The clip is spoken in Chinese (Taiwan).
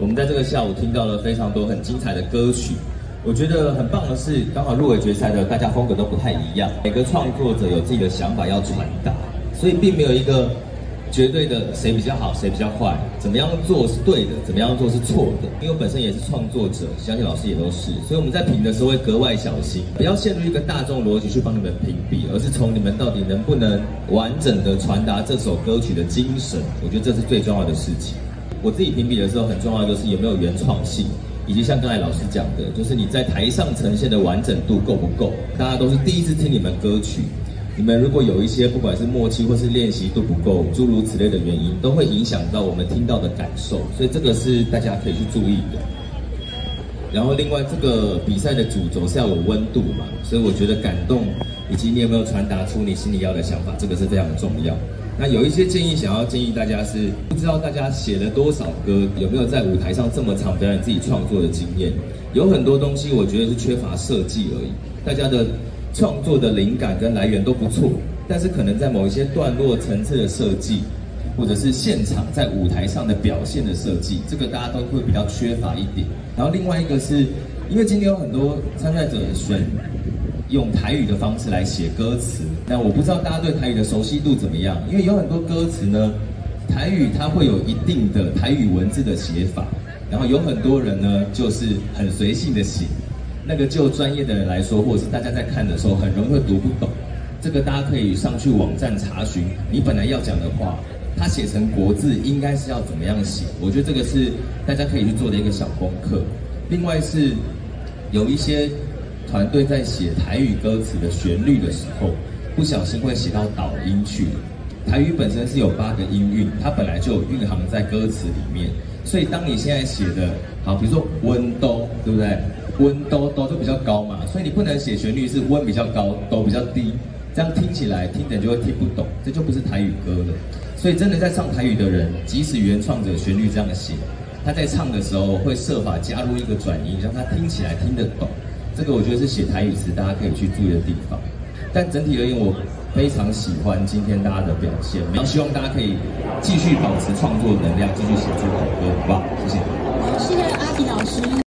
我們在這個下午聽到了非常多很精彩的歌曲，我覺得很棒的是，剛好入圍決賽的大家風格都不太一樣，每個創作者有自己的想法要傳達，所以並沒有一個絕對的誰比較好，誰比較壞，怎麼樣做是對的，怎麼樣做是錯的。因為本身也是創作者，相信老師也都是，所以我們在評的時候會格外小心，不要陷入一個大眾邏輯去幫你們評比，而是從你們到底能不能完整的傳達這首歌曲的精神，我覺得這是最重要的事情。我自己評比的時候很重要，就是有沒有原創性，以及像剛才老師講的，就是你在台上呈現的完整度夠不夠。大家都是第一次聽你們歌曲，你們如果有一些不管是默契或是練習度不夠，諸如此類的原因，都會影響到我們聽到的感受，所以這個是大家可以去注意的。然後另外這個比賽的主軸是要有溫度嘛，所以我覺得感動以及你有沒有傳達出你心裡要的想法，這個是非常重要。那有一些建議，想要建議大家是，不知道大家寫了多少歌，有沒有在舞台上這麼長表演自己創作的經驗？有很多東西我覺得是缺乏設計而已。大家的創作的靈感跟來源都不錯，但是可能在某一些段落層次的設計，或者是現場在舞台上的表現的設計，這個大家都會比較缺乏一點。然後另外一個是因為今天有很多參賽者的選。用台語的方式來寫歌詞，那我不知道大家對台語的熟悉度怎麼樣？因為有很多歌詞呢，台語它會有一定的台語文字的寫法，然後有很多人呢，就是很隨性的寫，那個就專業的人來說，或者是大家在看的時候很容易會讀不懂，這個大家可以上去網站查詢，你本來要講的話，它寫成國字應該是要怎麼樣寫，我覺得這個是大家可以去做的一個小功課，另外是有一些。團隊在寫台語歌詞的旋律的時候，不小心會寫到導音去。台語本身是有八個音韻，它本來就有蘊含在歌詞裡面。所以當你現在寫的，好，比如說溫兜，對不對？溫兜兜就比較高嘛，所以你不能寫旋律是溫比較高，兜比較低，這樣聽起來聽的就會聽不懂，這就不是台語歌了。所以真的在唱台語的人，即使原創者旋律這樣寫，他在唱的時候會設法加入一個轉音，讓他聽起來聽得懂。這個我覺得是寫台語詞，大家可以去注意的地方，但整體而言我非常喜歡今天大家的表現，然後希望大家可以繼續保持創作能量，繼續寫出好歌，好不好？謝謝。好，謝謝阿堤老師。